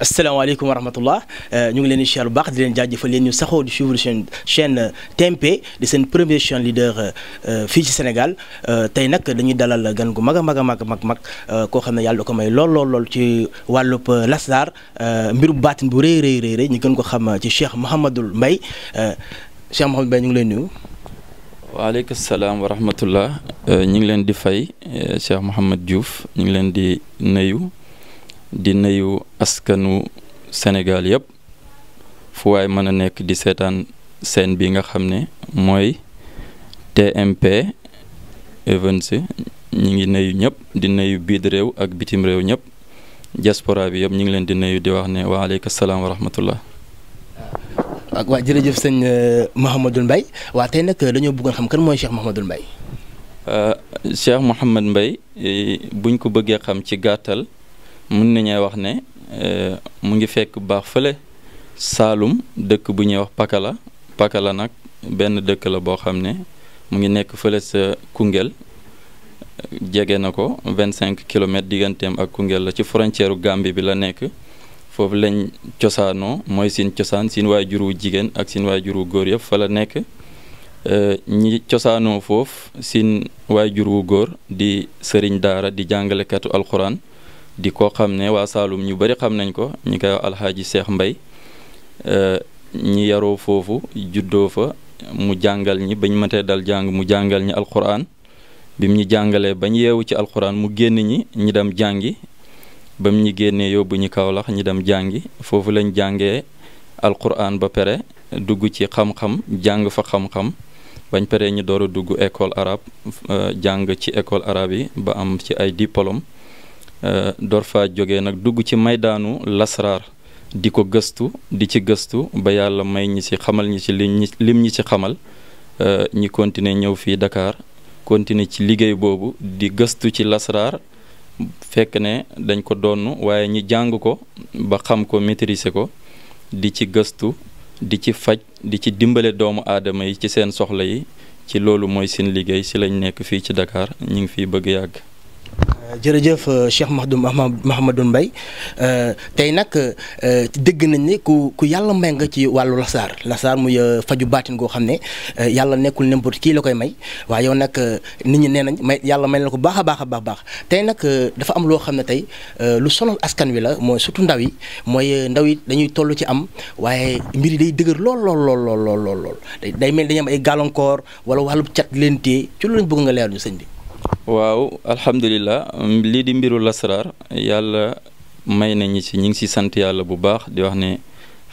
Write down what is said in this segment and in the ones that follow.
asalaamaaleykum wa rahmatullah euh, ñu ngi leen di siyaar bu baax di leen jaajëfal leen ñu saxoo di suivre seen chaîne euh, TMP di seen premier chaîne leader euh, fii ci Sénégal tey nag dañuy dalal gan gu mag a mag mag mag mag koo xam ne yàlla ko may lool lool ci wàllub lasdar mbirub baatin bu rëy rëy rëy ñu gën ko xam ci Cheikh Mouhamadul Mbaye Cheikh Mouhamadul Mbaye ñu ngi leen nuyu. waaleykum salaam wa rahmatullah ñu ngi leen di fay Cheikh Mouhamad Diouf ñu ngi leen di nayu di nayu askanu Sénégal yëpp fu waay mën a nekk di seetaan seen bi nga xam ne mooy TMP Events ñu ngi nuyu ñëpp di nuyu biir réew ak bitim réew ñëpp diaspora bi yëpp ñu ngi leen di nayu di wax ne waaleykum salaam wa rahmatullah waaw waaw jërëjëf sëñ euh, Mouhamadou mbay waa tey nag euh, dañoo bëggoon xam kan mooy Cheikh Mouhamadou Mbaye. Euh, Cheikh Mouhamad Mbaye buñ ko bëggee xam ci gàttal mën nañu wax ne euh, mu ngi fekk baax fële Saalum dëkk bu ñuy wax Pakala Pakala nag benn dëkk la boo xam ne mu ngi nekk fële sa kungel jege na ko vingt cinq kilomètres ak kungel la ci frontière Gambie bi la nekk foofu lañ cosaanoo mooy seen cosaan seen waajuru jigéen ak seen juru góor yëpp fa la nekk euh, ñi cosaanoo foofu seen juru góor di sëriñ daara di jàngalekatu alxuraan di ko xamne wa waa ñu bari xam nañ ko ñi al alxaaji Cheikh Mbay euh, ñi yaro fofu juddo fa mu jangal ñi bañ mate dal jang mu jangal ñi alquran bim ñi jangale bañ yewu ci alquran mu genn ñi ñi dam jangi bam ñi génnee yóbbu ñi Kawlax ñi dam jangi fofu lañ al alquran ba pare dugg ci xam-xam jang fa xam-xam bañ pare ñi dooro dugg école arabe euh, jang ci école arabe ba am ci ay diplôme Euh, door fa jóge nag dugg ci maydaanu lasraar di ko gëstu di ci gëstu ba yàlla may ñi ci xamal ñi ci lim ñi ci xamal euh, ñi continuer ñëw fii dakaar continuer ci liggéey boobu di gëstu ci lasraar fekk ne dañ ko donn waaye ñi jàng ko ba xam ko maîtriser ko di ci gëstu di ci faj di ci dimbale doomu aadama yi ci seen soxla yi ci loolu mooy seen liggéey si lañ nekk fii ci dakaar ñu ngi fi bëgg yàgg Euh, jërëjëf euh, Cheikh Mahdou Mahamadou Mbaye euh, tey nag dégg nañ ni ku ku yàlla may nga ci wàllu lasaar lasaar muy faju baatin goo xam ne yàlla nekkul n'importe kii la koy may waaye yow nag nit ñi nee nañ may yàlla may na ko baax a baax a baax baax tey nag dafa am loo xam ne tey lu sonal askan wi la mooy surtout ndaw yi mooy ndaw yi dañuy toll ci am waaye mbir yi day dëgër lool lool lool lool day mel dañuy am ay gàllankoor wala wàllu cat leen téye ci loolu lañ bëgg nga leer ñu sëñ bi waaw alhamdulilah lii di mbiru lasaraar yàlla may nañu ci ñu ngi ci sant yàlla bu baax di wax ne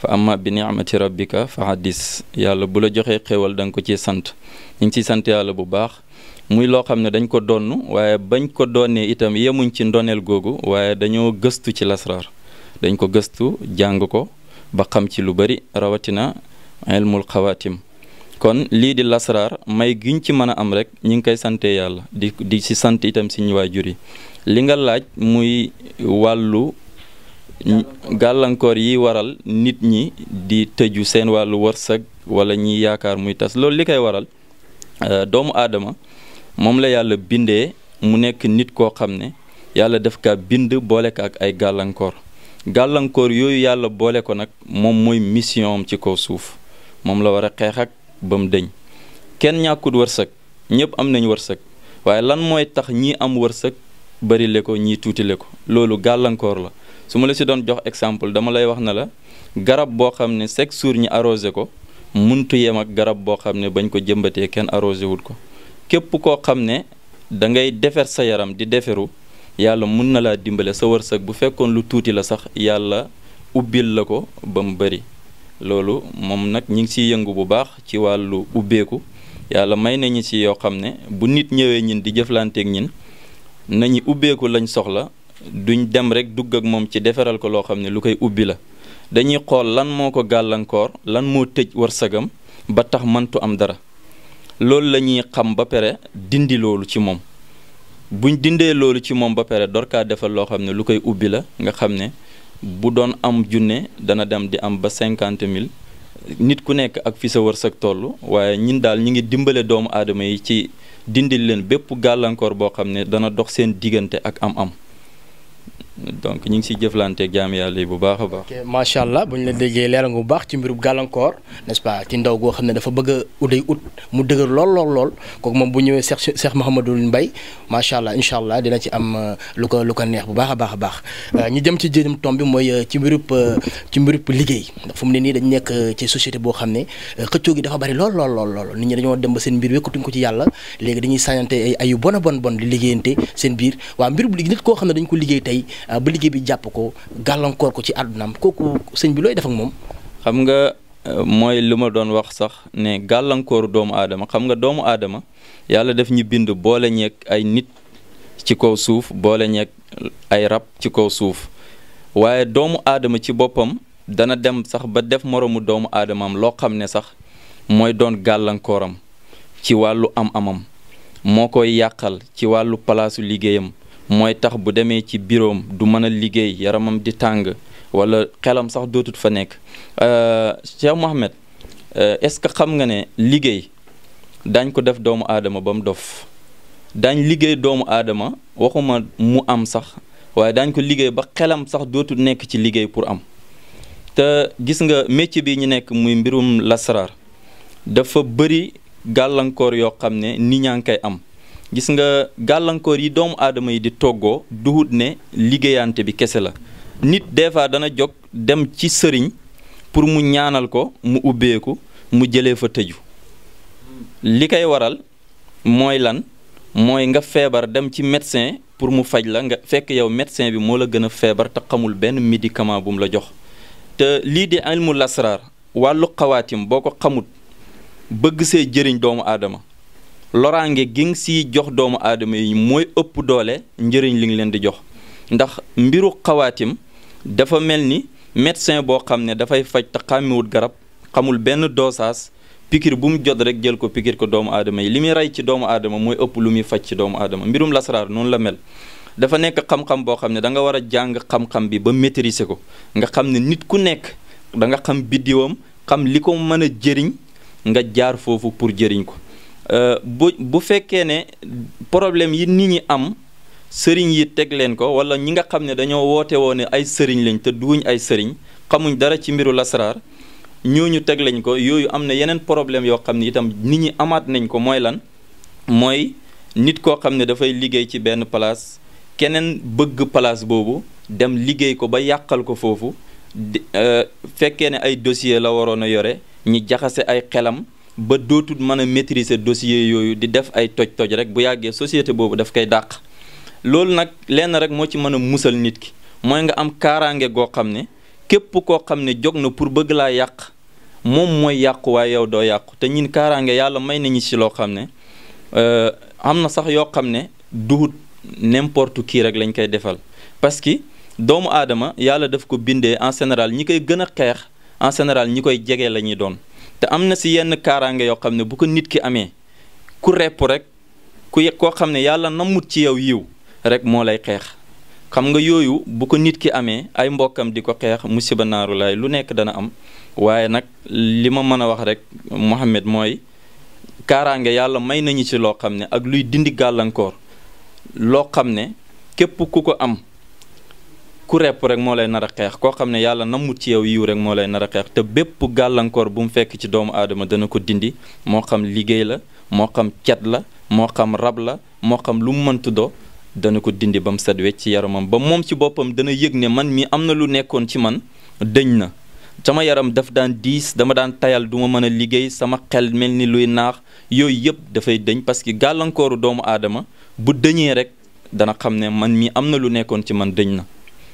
fa amma bi ni'mati rabbika fa hadis yàlla bu la joxee xéewal da ko ci sant ñu ngi ciy sant yàlla bu baax muy loo xam ne dañ ko donn waaye bañ ko donnee itam yemuñ ci ndoneel googu waaye dañoo gëstu ci lasaraar dañ ko gëstu jàng ko ba xam ci lu bari rawatina ilmul xawaatim kon li di lasrar may guñ ci mëna am rek ñing koy santé yalla di di si santé itam ci waajur yi li nga laaj muy walu galankor yi waral nit ñi di teju seen walu wërsëg wala ñi yaakar muy tas lool li koy waral euh, doomu adama mom la yalla bindé mu nekk nit ko xamné yalla def ka bind boole ka ak ay galankor galankor yoyu yalla boole ko nak mom moy mission ci ko suuf mom la wara xex ak ba mu deñ kenn ñàkkut wërsëg ñëpp am nañ wërsëg waaye lan mooy tax ñii am wërsëg bëri le ko ñii tuuti le ko loolu gàllankoor la su ma la si doon jox exemple dama lay wax na la garab boo xam ne chaque jour ñi arrosé ko muntu yem ak garab boo xam ne bañ ko jëmbatee kenn arrosé wul ko képp koo xam ne da ngay defer sa yaram di deferu yàlla mun na laa dimbale sa wërsëg bu fekkoon lu tuuti la sax yàlla ubbil la ko ba mu bëri loolu moom nag ñi ngi siy yëngu bu baax ci wàllu ubbeeku yàlla may nañu si yoo xam ne bu nit ñëwee ñin di jëflanteeg ñin nañu ubbeeku lañ soxla duñ dem rek dugg ak moom ci defaral ko loo xam ne lu koy ubbi la dañuy xool lan moo ko gàllankoor lan moo tëj war wërsëgam ba tax mantu am dara loolu la ñuy xam ba pare dindi loolu ci moom buñ dindee loolu ci moom ba pere door kaa defal loo xam ne lu koy ubbi la nga xam ne bu doon am junne dana dem di am ba cinquante mille nit ku nekk ak fi sa wërsëg toll waaye ñun daal ñu ngi dimbale doomu aadama yi ci dindil leen bépp gàllankoor boo xam ne dana dox seen diggante ak am-am. donc ñu ngi siy jëflanteeg jaam yàlla yi bu baax a baax. macha allah bu ñu la déggee leeral bu baax ci mbirum gàllankoor n'est-ce ci ndaw goo xam ne dafa bëgg a uday ut mu dëgër lool lool lool kooku moom bu ñëwee Cheikh Cheikh Mouhamadou Mbaye macha allah incha allah dina ci am euh, lu ko lu ko neex bu baax a a baax. Euh, ñu dem ci jëriñam tomb bi mooy euh, ci mbirub ci mbirub liggéey ndax fu mu ne nii dañu nekk ci société boo xam ne xëccoo gi dafa bari lool lool lool lool nit ñi dañoo dem ba seen mbir wékkatuñ ko ci yàlla léegi dañuy sañante ay yu bon bon bon di liggéeyante seen biir waaw mbirub nit koo xam ne dañ ko liggéey tey Euh, ba liggéey bi jàpp ko gàllankoor ko ci àddunaam kooku sëñ bi looy def moom. xam nga euh, mooy lu ma doon wax sax ne gàllankooru doomu aadama xam nga doomu aadama yàlla def ñu bind boole ñeeg ay nit ci kaw suuf boole ñeeg ay rab ci kaw suuf waaye doomu aadama ci boppam dana dem sax ba def moroomu doomu aadamaam loo xam ne sax mooy doon gàllankooram ci wàllu am-amam moo koy yàqal ci wàllu palaasu liggéeyam mooy tax bu demee ci biroom du mën a liggéey yaramam di tàng wala xelam sax dootut fa nekk euh, Cheikh Mohamed euh, est-ce que xam nga ne liggéey daañ ko def doomu aadama ba mu dof daañ liggéey doomu aadama waxuma mu am sax waaye daañ ko liggéey ba xelam sax dootul nekk ci liggéey pour am te gis nga métier bi ñu nekk muy mbirum lasaraar dafa bëri gàllankoor yoo xam ne nit ñaa ngi koy am gis nga gàllankoor yi doomu aadama yi di toggoo duhut ne liggéeyante bi kese la nit des fois dana jog dem ci sëriñ pour mu ñaanal ko mu ubbeeku mu jëlee fa tëju li koy waral mooy lan mooy nga feebar dem ci médecin pour mu faj la nga fekk yow médecin bi moo la gën a feebar te xamul benn médicament bu mu la jox te lii di ilmu lasraar wàllu xawaatim boo ko xamut bëgg see jëriñ doomu aadama loraange gi nga siy jox doomu aadama yi mooy ëpp doole njëriñ li nga leen di jox ndax mbiru xawaatim dafa mel ni médecin boo xam ne dafay faj te xàmmiwut garab xamul benn dosage pikir bu mu jot rek jël ko pikir ko doomu aadama yi li muy rey ci doomu aadama mooy ëpp lu muy faj ci doomu aadama mbirum lasaraar noonu la mel dafa nekk xam-xam boo xam ne danga war a jàng xam-xam bi ba maîtriser ko nga xam ne nit ku nekk da nga xam biddiwam xam li ko mën a jëriñ nga jaar foofu pour jëriñ ko Euh, bu bu fekkee ne problème yi nit ñi am sëriñ yi teg leen ko wala ñi nga xam ne dañoo woote woon ne ay sëriñ lañ te duwuñ ay sëriñ xamuñ dara ci mbiru lasaraar ñooñu teg lañ ko yooyu am na yeneen problème yoo xam ne itam nit ñi amaat nañ ko mooy lan mooy nit koo xam ne dafay liggéey ci benn place keneen bëgg place boobu dem liggéey ko ba yàqal ko foofu euh, fekkee ne ay dossier la waroon a yore ñi jaxase ay xelam ba dootul mën a maîtriser dossier yooyu di def ay toj-toj rek bu yàggee société boobu daf koy dàq loolu nag lenn rek moo ci mën a musal nit ki mooy nga am kaaraange goo xam ne képp koo xam ne jóg na pour bëgg laa yàq moom mooy yàqu waaye yow doo yàqu te ñun kaaraange yàlla may nañu ci loo xam ne euh, am na sax yoo xam ne duhut n'importe kii rek lañ koy defal parce que doomu aadama yàlla daf ko bindee en général ñi koy gën a xeex en général ñi koy jege la ñuy doon. te am na si yenn kaaraange yoo xam ne bu ko nit ki amee ku repp rek ku koo xam ne yàlla nammut ci yow yiw rek moo lay xeex xam nga yooyu bu ko nit ki amee ay mbokkam di ko xeex musiba naaru laay lu nekk dana am waaye nag li ma mën a wax rek Mohamed mooy kaaraange yàlla may nañu ci loo xam ne ak luy dindi gàllankoor loo xam ne képp ku ko am ku repp rek moo lay nar a xeex koo xam ne yàlla nammut ci yow yiw rek moo lay nar a xeex te bépp gàllankoor bu mu fekk ci doomu aadama dana ko dindi moo xam liggéey la moo xam cet la moo xam rab la moo xam lu mu mëntu doo dana ko dindi ba mu set wecc ci yaramam ba moom ci boppam dana yëg ne man mi am na lu nekkoon ci man dëñ na sama yaram daf daan diis dama daan tayal du ma mën a liggéey sama xel mel ni luy naax yooyu yëpp dafay dëñ parce que gàllankooru doomu aadama bu dëñee rek dana xam ne man mi am na lu nekkoon ci man dëñ na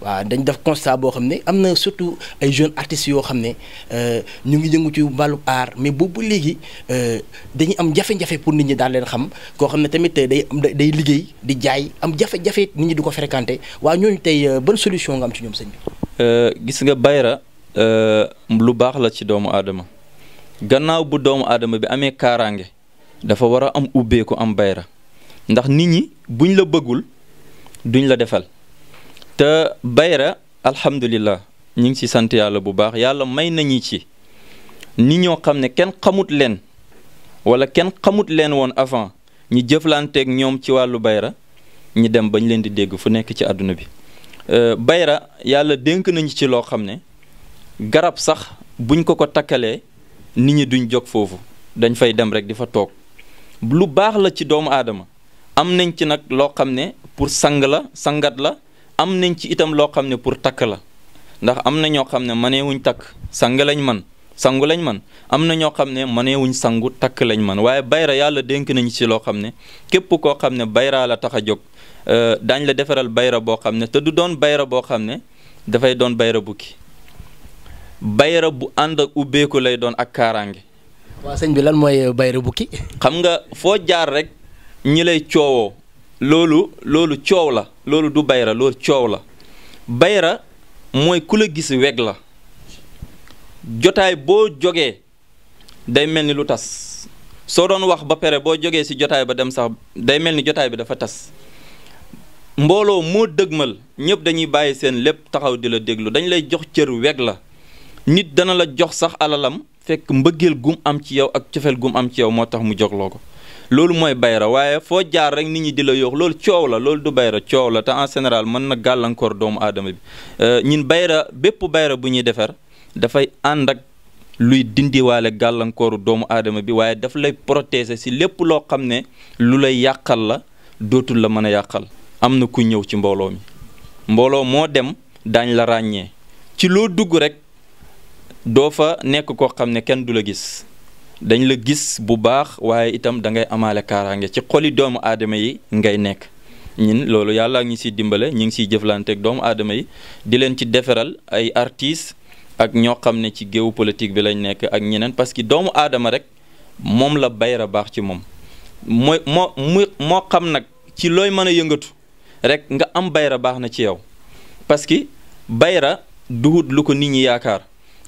waaw dañ def constat boo xam ne am na surtout ay jeunes artistes yoo xam ne euh, ñu ngi yëngu ci wàllu aar mais boobu ba léegi euh, dañuy am jafe-jafe pour nit ñi daal leen xam koo xam ne tamit day am day liggéey di jaay am jafe-jafe nit ñi di ko fréquenter waaw ñooñu tey euh, ban solution nga am ci ñoom sëñ bi. gis nga bayra lu baax la ci doomu aadama gannaaw bu doomu aadama bi amee kaaraange dafa war a am ubbeeku am bayra ndax nit ñi buñ la bëggul duñ la defal. te bayra alhamdulillah ñu ngi ci sant yàlla bu baax yàlla may nañu ci ni ñoo xam ne kenn xamut leen wala kenn xamut leen woon avant ñi jëflanteeg ñoom ci wàllu bayra ñi dem bañ leen di dégg fu nekk ci àdduna bi euh, bayra yàlla dénk nañu ci loo xam ne garab sax buñ ko ko takkalee nit ñi duñ jog foofu dañ fay dem rek di fa toog lu baax la ci doomu aadama am nañ ci nag loo xam ne pour sang la sangat la am nañ ci itam loo xam ne pour takk la ndax am na ñoo xam ne maneewuñ takk sang lañ man sangu lañ man am na ñoo xam ne mëneewuñ sangu takk lañ man waaye bayra yàlla dénk nañu ci loo xam ne képp koo xam ne bayraal la tax a jóg euh, dañ la defaral bayra boo xam ne te du doon bayra boo xam ne dafay doon bayra bukki bayra bu ànd ak ubbeeku lay doon ak kaaraange. waa sëñ bi lan mooy bayra bukki. xam nga foo jaar rek ñi lay coowoo loolu loolu coow la loolu du bayra loolu coow la bayra mooy ku la gis weg la jotaay boo jógee day mel ni lu tas soo doon wax ba pere boo jógee ci jotaay ba dem sax day mel ni jotaay bi dafa tas mbooloo moo dëgmal ñëpp dañuy bàyyi seen lépp taxaw di la déglu dañ lay jox cër weg la nit dana la jox sax alalam fekk mbëggeel gum am ci yow ak cofeel gum am ci yow moo tax mu jogloo ko loolu mooy bayra waaye foo jaar rek nit ñi di la yoox loolu coow la loolu du bayra coow la te en général mën na gàllankoor doomu aadama bi euh, ñun bayra bépp bayra bu ñuy defar dafay ànd ak luy dindiwaale gàllankooru doomu aadama bi waaye dafa lay protéger si lépp loo xam ne lu lay yàqal la dootul la mën a yàqal am na ku ñëw ci mbooloo mi mbooloo moo dem daañ la ràññee ci loo dugg rek doo fa nekk koo xam ne kenn du la gis dañ la gis bu baax waaye itam da ngay amaale kaaraange ci xoli doomu aadama yi ngay nekk ñun loolu yàlla ngi si dimbale ñu ngi siy ak doomu aadama yi di leen ci defaral ay artistes ak ñoo xam ne ci géewu politique bi lañ nekk ak ñeneen parce que doomu aadama rek moom la bayra baax ci moom mooy moo mu moo xam nag ci looy mën a yëngatu rek nga am bayra baax na ci yow parce que bayra duhut lu ko nit ñi yaakaar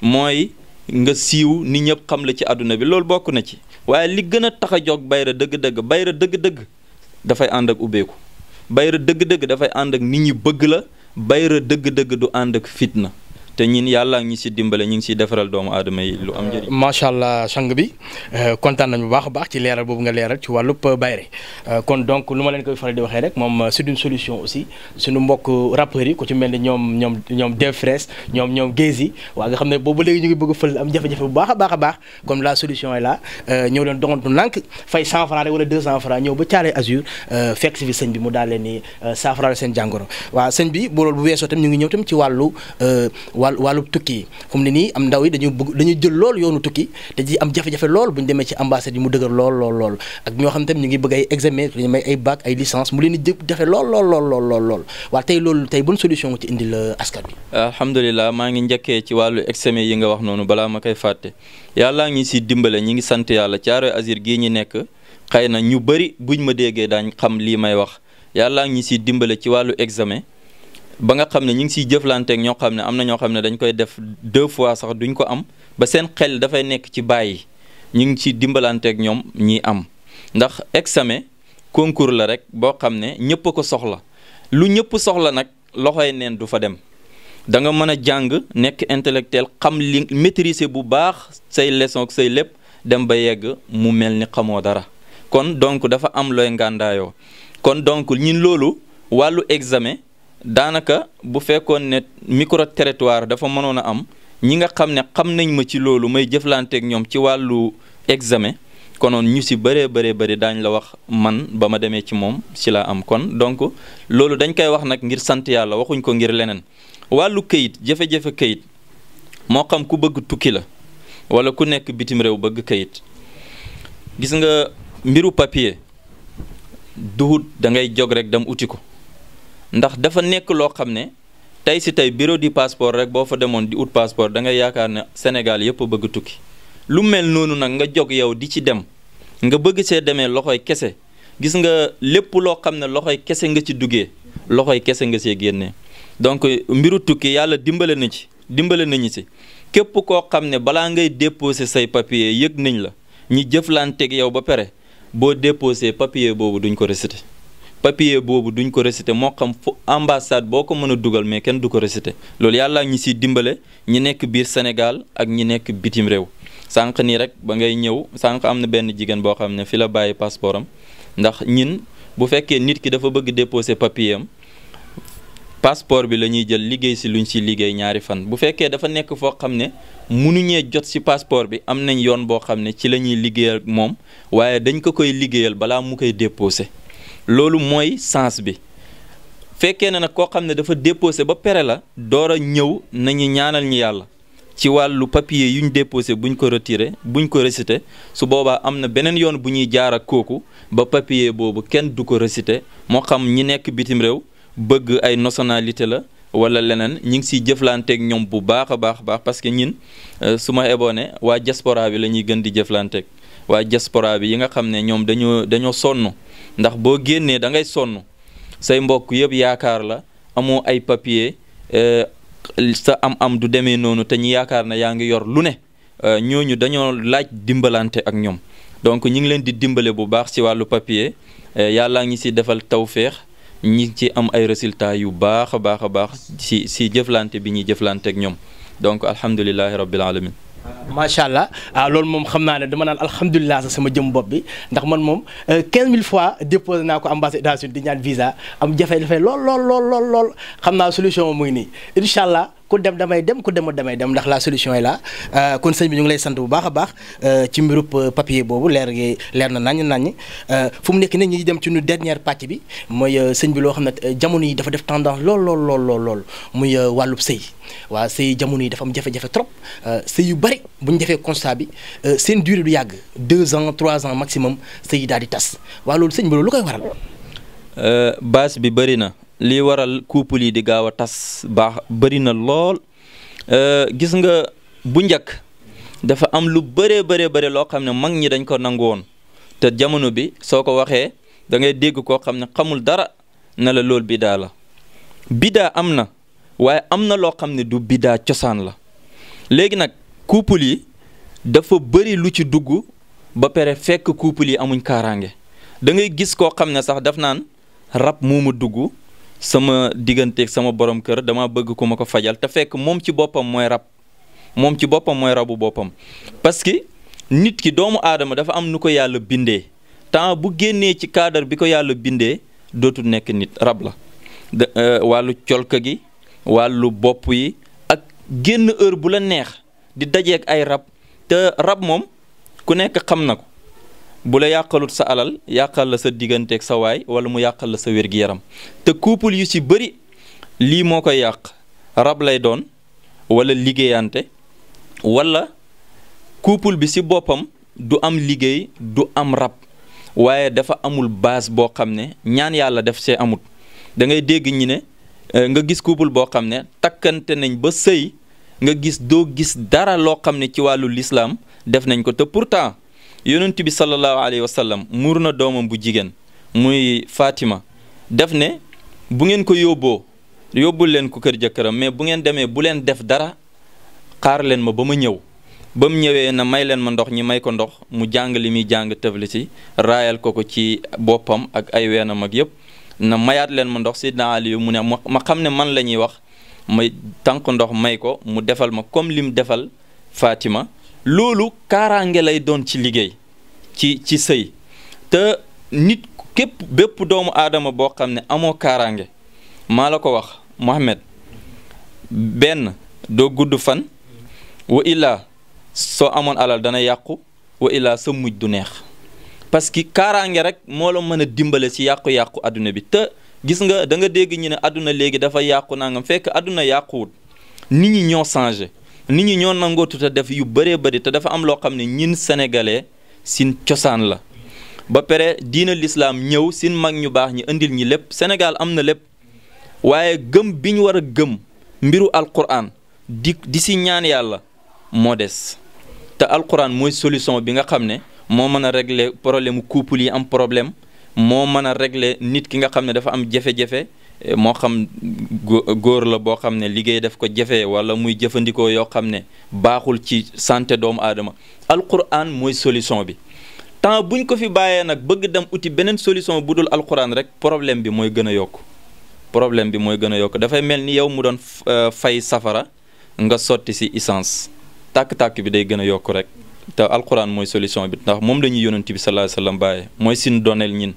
mooy nga siiw ni ñëpp xam la ci àdduna bi loolu bokk na ci waaye li gën a tax a jóg bayra dëgg-dëgg bayra dëgg-dëgg dafay ànd ak ubbeeku bayra dëgg-dëgg dafay ànd ak nit ñi bëgg la bayra dëgg-dëgg du ànd ak na te ñin yàlla ngi si dimbale ñu ngi siy defaral doomu aadama yi lu am njëriñ. macha allah sang bi euh, kontaan nañu bu baax a baax ci leeral boobu nga leeral ci wàllub euh, bayre euh, kon donc lu ma leen koy waxee rek moom c'est une solution aussi suñu mbokk rappeurs yi ku ci mel ni ñoom ñoom ñoom Def Fresh ñoom ñoom Gézy waa nga xam ne boobu léegi ñu ngi bëgg a fël bu baax a baax a baax comme la solution est là ñëw leen doxantu nànk fay 100 francs rek wala 200 francs ñëw ba Thialé Azur fekk si fi sëñ bi mu daal leen ni saafaraale seen jàngoro waaw sëñ bi bu weesoo tam ñu ngi ñëw tam ci wàllu wàll wàllu tukki yi fu mu nii am ndaw yi dañu bëgg jël lool yoonu tukki te am jafe lool bu ñu demee ci ambassade yi mu dëgër lool lool lool ak ñoo xam tamit ngi bëgg ay examen may ay bac ay licence mu leen di jafe lool lool lool lool lool waa tey loolu tey bonne solution ci indi la euh, askan bi alhamdulilah maa ngi njëkkee ci wàllu examen yi nga wax noonu balaa ma koy fàtte yàlla ngi si dimbale ñi ngi sant yàlla caaroy asir gii ñi nekk xëy na ñu bëri buñ ma déggee daañ xam lii may wax yàlla ngi si dimbale ci wàllu examen ba nga xam ne ñu ngi siy jëflanteeg ñoo xam ne am na ñoo xam ne dañ koy def deux fois sax duñ ko am ba seen xel dafay nekk ci bàyyi ñu ngi siy dimbalanteeg ñoom ñi am ndax examen concours la rek boo xam ne ñëpp a ko soxla lu ñëpp soxla nag loxoy neen du fa dem da nga mën a jàng nekk intellectuel xam li maîtriser bu baax say leçon ak say lépp dem ba yegg mu mel ni xamoo dara kon donc dafa am looy ngàndaayoo kon donc ñun loolu wàllu examen. daanaka bu fekkoon ne micro territoire dafa mënoon a am ñi nga xam ne xam nañ ma ci loolu may jëflanteeg ñoom ci wàllu examen konoon ñu si bëree bëree bëri daañ la wax man ba ma demee ci moom ci laa am kon donc loolu dañ koy wax nag ngir sant yàlla waxuñ ko ngir leneen wàllu këyit jafe-jafe këyit moo xam ku bëgg tukki la wala ku nekk bitim réew bëgg këyit gis nga mbiru papier duhut da ngay jóg rek dem uti ko ndax dafa nekk loo xam ne tey si tey bureau du passeport rek boo fa demoon di ut passeport da nga yaakaar ne Sénégal yëpp bëgg tukki lu mel noonu nag nga jóg yow di ci dem nga bëgg see demee loxoy kese gis nga lépp loo xam ne loxoy kese nga ci duggee loxoy kese nga see génnee donc mbiru tukki yàlla dimbale na ci dimbale nañu si képp koo xam ne balaa ngay déposer say papier yëg nañ la ñi jëflanteeg yow ba pare boo déposé papier boobu duñ ko réciter papier boobu duñ ko récité moo xam fu ambassade boo ko mën a dugal mais kenn du ko récité loolu yàlla ñu siy dimbale ñi nekk biir Sénégal ak ñi nekk bitim réew sànq nii rek ba ngay ñëw sànq am na benn jigéen boo xam ne fi la bàyyi passeport am ndax ñin bu fekkee nit ki dafa bëgg déposé papier am bi la ñuy jël liggéey si luñ si liggéey ñaari fan bu fekkee dafa nekk foo xam ne mënuñee jot si passeport bi am nañ yoon boo xam ne ci la ñuy liggéeyal moom waaye dañ ko koy liggéeyal balaa mu koy déposer loolu mooy sens bi fekkee na nag koo xam ne dafa déposé ba pere la door a ñëw nañu ñaanal ñu yàlla ci wàllu papier yu ñu déposé buñ ko retiré buñ ko récité su boobaa am na beneen yoon bu ñuy jaar ak kooku ba papier boobu kenn du ko récité moo xam ñi nekk bitim réew bëgg ay nationalité la wala leneen ñi ngi siy jëflanteeg ñoom bu baax a baax baax parce que ñin euh, su ma eboone waa diaspora bi la ñuy gën di jëflanteeg waa diaspora bi yi nga xam ne ñoom dañoo dañoo sonn ndax boo génnee da ngay sonn say mbokk yëpp yaakaar la amoo ay papier euh, sa am-am du demee noonu te ñu yaakaar na yaa ngi yor lu ne euh, ñooñu dañoo laaj dimbalante ak ñoom donc ñu ngi leen di dimbale bu baax ci wàllu papier euh, yàllaa ngi ci defal tawféex ñi ci am ay résultats yu baax a baax a baax ci ci jëflante bi ñuy jëflante ak ñoom donc alhamdulilahi rabbil alamin macha allah ah loolu moom xam naa ne dama naan alhamdulilah sax sama jëm bopp bi ndax man moom 15000 euh, fois déposé naa ko ambassade États-Unis di ñaan visa am jafe-jafe lool lool lool lool lool xam naa solution moom mu ngi nii incha allah dem damay dem damay dem la solution est là euh, kon bi ñu lay sant bu baax euh, euh, papier nañ dernière partie bi moy bi lo jamono yi dafa def tendance lol lol lol lol trop sey yu bari bu ñu durée deux ans trois ans maximum sey di tass li waral kuupul yi di gaaw a tas baax bari na lool euh, gis nga bu njëkk dafa am lu bëree bëree bëri loo xam ne mag ñi dañ ko nangu woon te jamono bi soo ko waxee dangay dégg koo xam ne xamul dara na la lool bidaa la bidaa am na waaye am na loo xam ne du bidaa cosaan la léegi nag couple yi dafa bari lu ci dugg ba pare fekk couple yi amuñ kaaraange da ngay gis koo xam ne sax daf naan rab moomu dugg sama digganteeg sama borom kër dama bëgg ku ma ko fajal te fekk moom ci boppam mooy rab moom ci boppam mooy rabu boppam parce que nit ki doomu aadama dafa am nu ko yàlla bindee temps bu génnee ci cadre bi ko yàlla bindee dootul nekk nit rab la euh, wàllu colka gi wàllu bopp yi ak génn heure bu la neex di dajeek ay rab te rab moom ku nekk xam na ko bu la yàqalut sa alal yàqal la sa digganteeg sa waay wala mu yàqal la sa wér-gi-yaram te couple yu si bëri lii moo ko yàq rab lay doon walla liggéeyante wala couple bi si boppam du am liggéey du am rab waaye dafa amul base boo xam ne ñaan yàlla def see amut da ngay dégg ñi ne euh, nga gis couple boo xam ne takkante nañ ba sëy nga gis doo gis dara loo xam ne ci wàllu lislaam def nañ ko te pourtant yonent bi sallallahu alayhi wa sallam muur na doomam bu jigéen muy faatima def ne bu ngeen ko yóbboo yóbbul leen ko kër jëkkëram mais bu ngeen demee bu leen def dara xaar leen ma ba ma ñëw ba mu ñëwee na may leen ma ndox ñi may ko ndox mu jàng li muy jàng tëfli si raayal ko ko ci boppam ak ay weenam ak yëpp na mayaat leen ma ndox Seydina Aliyu mu ne ma xam ne man la ñuy wax ma tànk ndox may ko mu defal ma comme li mu defal faatima loolu kaaraange lay doon ci liggéey ci ci sëy te nit képp bépp doomu aadama boo xam ne amoo kaaraange maa la ko wax Mohamed benn doo gudd fan wa illaa soo amoon alal dana yàqu wa illaa sa mujj du neex parce que kaaraange rek moo la mën a dimbale ci yàqu-yàqu àdduna bi te gis nga danga dégg ñu ne àdduna léegi dafa yàqu nangam fekk àdduna yàquwut nit ñi ñoo changé nit ñi ñoo nangootu te def yu bëree bëri te dafa am loo xam ne ñin sénégalais sin cosaan la ba pare diina lislaam ñëw sin mag ñu baax ñi indil ñi lépp Sénégal am na lépp waaye gëm bi ñu war a gëm mbiru alquran dikk di si ñaan yàlla moo des te alquran mooy solution bi nga xam ne moo mën a régler problème couple yi am problème moo mën a régler nit ki nga xam ne dafa am jafe-jafe moo xam góor la boo xam ne liggéey daf ko jafe wala muy jëfandikoo yoo xam ne baaxul ci santé doomu aadama alquran mooy solution bi temps buñ ko fi bàyyee nag bëgg dem uti beneen solution bu dul alquran rek problème bi mooy gën a yokk problème bi mooy gën a yokk dafay mel ni yow mu doon euh, fay safara nga sotti si essence tàkk-tàkk bi day gën a yokk rek te alquran mooy solution bi ndax moom la ñuy yonent bi sallallahu alayhi wasallam bàyyee mooy sin doneel ñin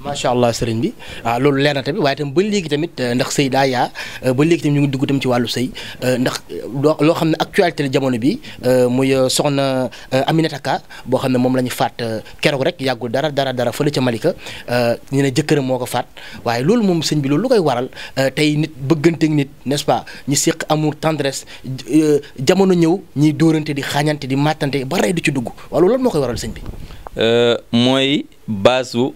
macha allah sëriñ bi waaw ah, loolu leer bi tamit waaye tam ba léegi tamit euh, ndax sëy daa yaa euh, ba léegi tamit ñu ngi dugg tam ci wàllu sëy euh, ndax loo xam ne actualité jamono bi muy soxna Aminata Ka boo xam ne moom la ñu faat keroog rek yàggul dara dara dara fële ca Malika ñu ne jëkkëram moo ko faat waaye loolu moom sëñ bi loolu lu koy waral tey nit bëggante nit nest ñu seq amour tendresse jamono ñëw ñiy dóorante di xaañante di màttante ba rey du ci dugg waaw loolu moo koy waral sëñ bi. mooy baasu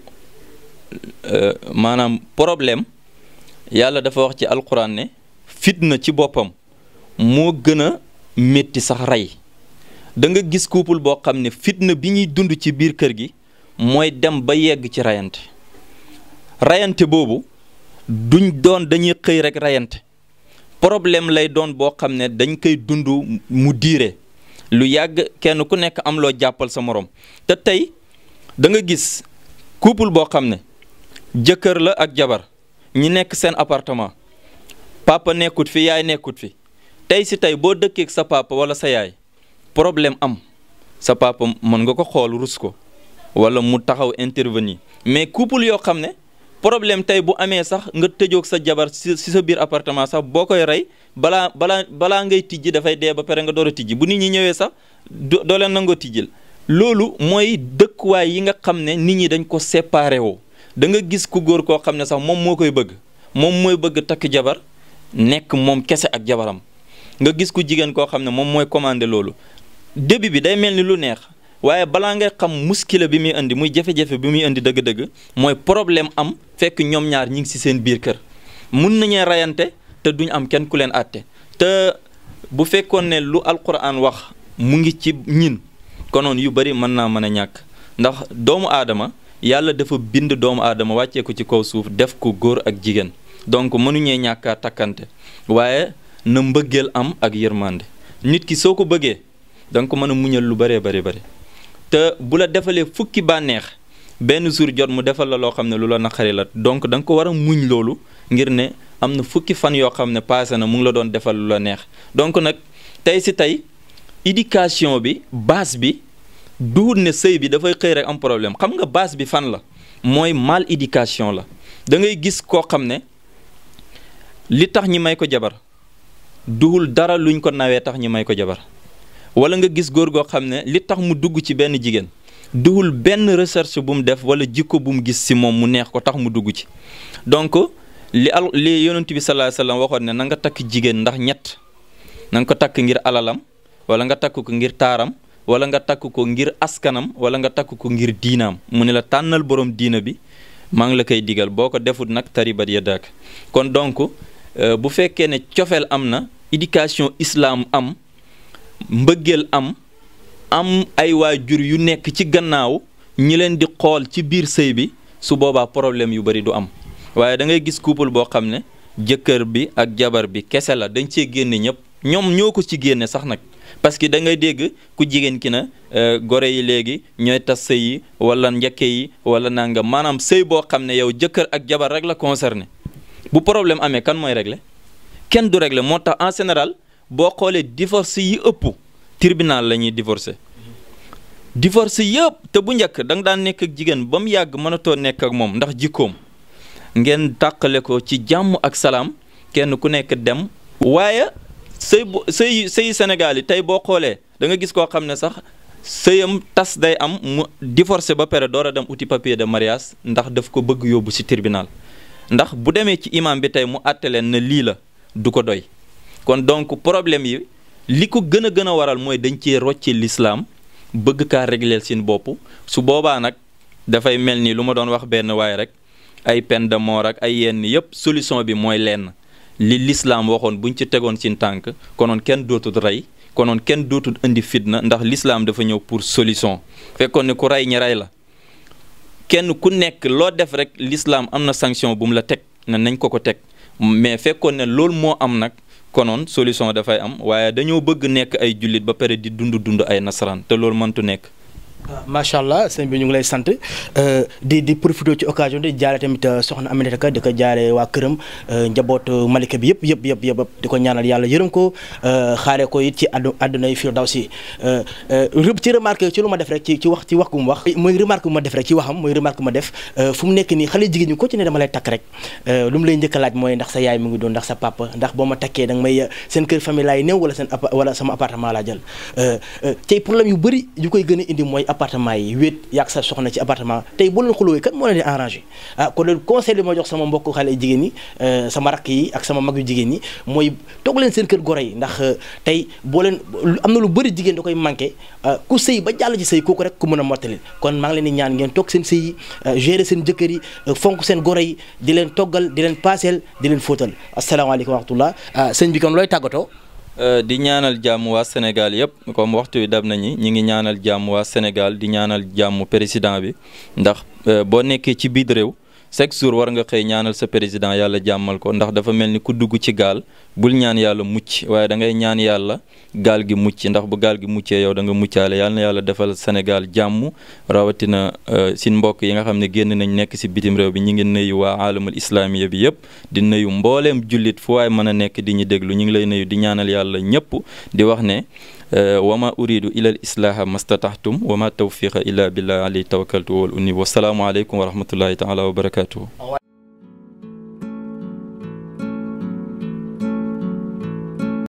Euh, maanaam problème yàlla dafa wax ci alquran ne fitna ci boppam moo gën a métti sax rey da nga gis couple boo xam ne fitna bi ñuy dund ci biir kër gi mooy dem ba yegg ci rayante rayante boobu duñ doon dañuy xëy rek rayante problème lay doon boo xam ne dañ koy dund mu diire lu yàgg kenn ku nekk am loo jàppal sa moroom te tey danga gis couple boo xam ne jëkkër la ak jabar ñi nekk seen appartement papa nekkut fi yaay nekkut fi tey si tey boo dëkkee sa papa wala sa yaay problème am sa papa mën nga ko xool rus ko wala mu taxaw intervenir mais couple yoo xam ne problème tey bu amee sax nga tëjoog sa jabar si si sa biir apartement sax boo koy rey balaa balaa balaa ngay tijji dafay dee ba pare nga door a tijji bu nit ñi ñëwee sax doo leen nangoo tijjil loolu mooy dëkkuwaay yi nga xam ne nit ñi dañ ko séparé woo da nga gis ku góor koo xam ne sax moom moo koy bëgg moom mooy bëgg takk jabar nekk moom kese ak jabaram nga gis ku jigéen koo xam ne moom mooy commandé loolu début bi day mel ni lu neex waaye balaa ngay xam muskila bi muy indi muy jafe-jafe bi muy indi dëgg-dëgg mooy problème am fekk ñoom ñaar ñi ngi ci seen biir kër mun nañu reyante te duñ am kenn ku leen àtte te bu fekkoon ne lu alquran wax mu ngi ci ñin konoon yu bari mën naa mën a ñàkk ndax doomu aadama yàlla dafa bind doomu aadama wàccee ko ci kaw suuf def ko góor ak jigéen donc mënuñee ñàkk a takkante waaye na mbëggeel am ak yërmande nit ki soo ko bëggee danga ko mën a muñal lu bëree bëri bëri te bu la defalee fukki bànneex benn jour jot mu defal la loo xam ne lu la naqari la donc da nga ko war a muñ loolu ngir ne am na fukki fan yoo xam ne passé na mu ngi la doon defal lu la neex donc nag tey si tey éducation bi base bi. duhul ne sey bi fay xey rek am problème xam nga base bi fan la moy mal éducation la da ngay gis ko xamne li tax ñi may ko jabar duhul dara luñ ko nawé tax ñi may ko jabar wala nga gis gorgo kamne, xamne li tax mu dugg ci ben jigen duhul ben recherche bu mu def wala jikko bu mu gis ci mom mu neex ko tax mu dugg ci donc li al li yonnati bi sallallahu alayhi wasallam waxone na nga ndax ñet na ngir alalam wala nga tak ko ngir taram wala nga takku ko ngir askanam wala nga takku ko ngir dinam mu borom dinabi, bi mang la kay digal boko defut nak taribat ya kon donc euh, bu fekke ne tiofel amna education islam am mbeugel am am ay wajur yu nek ci gannaaw ñi len di xol ci bir sey bi su boba problem yu bari du am waye da ngay gis couple bo xamne ne bi ak jabar bi kessela dañ ci genn ñep ñom ñoko ci sax nak parce que da dégg ku jigéen ki na euh, gore yi léegi ñooy tas sëy yi wala njëkke yi wala nangam maanaam sëy boo xam ne yow jëkkër ak jabar rek la conserné bu problème amee kan mooy régler kenn du régler moo tax en général boo xoolee divorce yi ëpp tirbinal la ñuy divorcer divorce yëpp te bu njëkk danga daan nekk ak jigéen ba mu yàgg mënatoo nekk ak moom ndax jikkoom ngeen taqale ko ci jàmm ak salaam kenn ku nekk dem waaye sëy bu sëy sëy Sénégal yi tey boo xoolee da nga gis koo xam ne sax sëyam tas day am mu divorcé ba pare door a dem uti papier de mariage ndax daf ko bëgg yóbbu ci tribunal ndax bu demee ci imam bi tey mu àtte leen ne lii la du ko doy kon donc problème yi li ko gën a gën a waral mooy dañ cee rocce lislaam bëgg kaa régleel seen bopp su boobaa nag dafay mel ni lu ma doon wax benn waaye rek ay peine de mort ak ay yenn yëpp solution bi mooy lenn li lislaam waxoon buñ ci tegoon sin tànk konoon kenn dootul rey konoon kenn dootul indi fitna ndax lislaam dafa ñëw pour solution fekkoon ne ku rey ñi rey la kenn ku nekk loo def rek lislaam am na sanction bu mu la teg na nañ ko ko teg mais fekkoon ne loolu moo am nag konoon solution dafay am waaye dañoo bëgg nekk ay jullit ba pare di dund dund ay nasaraan te loolu mëntu nekk Euh, macha allah sëñ bi ñu ngi lay sant euh, di di profité ci occasion di jaale tamit euh, soxna Aminata Ka di ko jaale waa këram njaboot Malika bi yëpp yëpp yëpp yëpp di ko ñaanal yàlla yërëm ko xaaree ko it ci addu àdduna yi Firdawsi rëb ci remarque ci lu ma def rek ci ci wax ci wax gu mu wax mooy remarque bu ma def rek ci waxam mooy remarque bu ma def fu mu nekk nii xale jigéen ñi ko ci ne dama lay takk rek lu mu lay njëkk laaj mooy ndax sa yaay mi ngi doon ndax sa papa ndax boo ma takkee da nga may seen kër famille wala seen wala sama appartement laa jël tey problème yu appartement yi wéet yàgg sa soxna ci appartement tey bu leen xulóowee kan moo leen di arrangé ah kon loolu conseil bi ma jox sama mbokk xale jigéen euh, yi ak sama mag yu jigéen ñi mooy toog leen seen kër goro yi ndax euh, tey boo leen am na lu bëri jigéen da koy manqué euh, ku sëy ba jàll ci sëy kooku rek ku mën a mottali kon maa ngi leen di ñaan ngeen toog seen sëy yi gérer seen jëkkër yi fonk seen goro yi di leen toggal di leen paaseel di leen fóotal asalaamaaleykum wa rahmatullah ah, sëñ bi kon looy tàggatoo Euh, di ñaanal jàmm waa Sénégal yëpp comme waxtu wi dab nañu ñu ngi ñaanal jàmm waa Sénégal di ñaanal jàmmu président bi ndax euh, boo nekkee ci biir réew. chaque jours war nga xëy ñaanal sa président yàlla jàmmal ko ndax dafa mel ni ku dugg ci gaal bul ñaan yàlla mucc waaye da ngay ñaan yàlla gaal gi mucc ndax bu gaal gi muccee yow da nga muccaale yàlla na yàlla defal Sénégal jàmm rawatina euh, sin mbokk yi nga xam ne génn nañ nekk si bitim réew bi ñu ngi nuyu waa alamul islamiya bi yëpp di nuyu mbooleem jullit fu waay mën a nekk di ñu déglu ñu ngi lay nuyu di ñaanal yàlla ñëpp di wax ne آه، وما أريد إلا الإصلاح ما استطعتم وما التوفيق إلا بالله عليه توكلت والسلام عليكم ورحمة الله تعالى وبركاته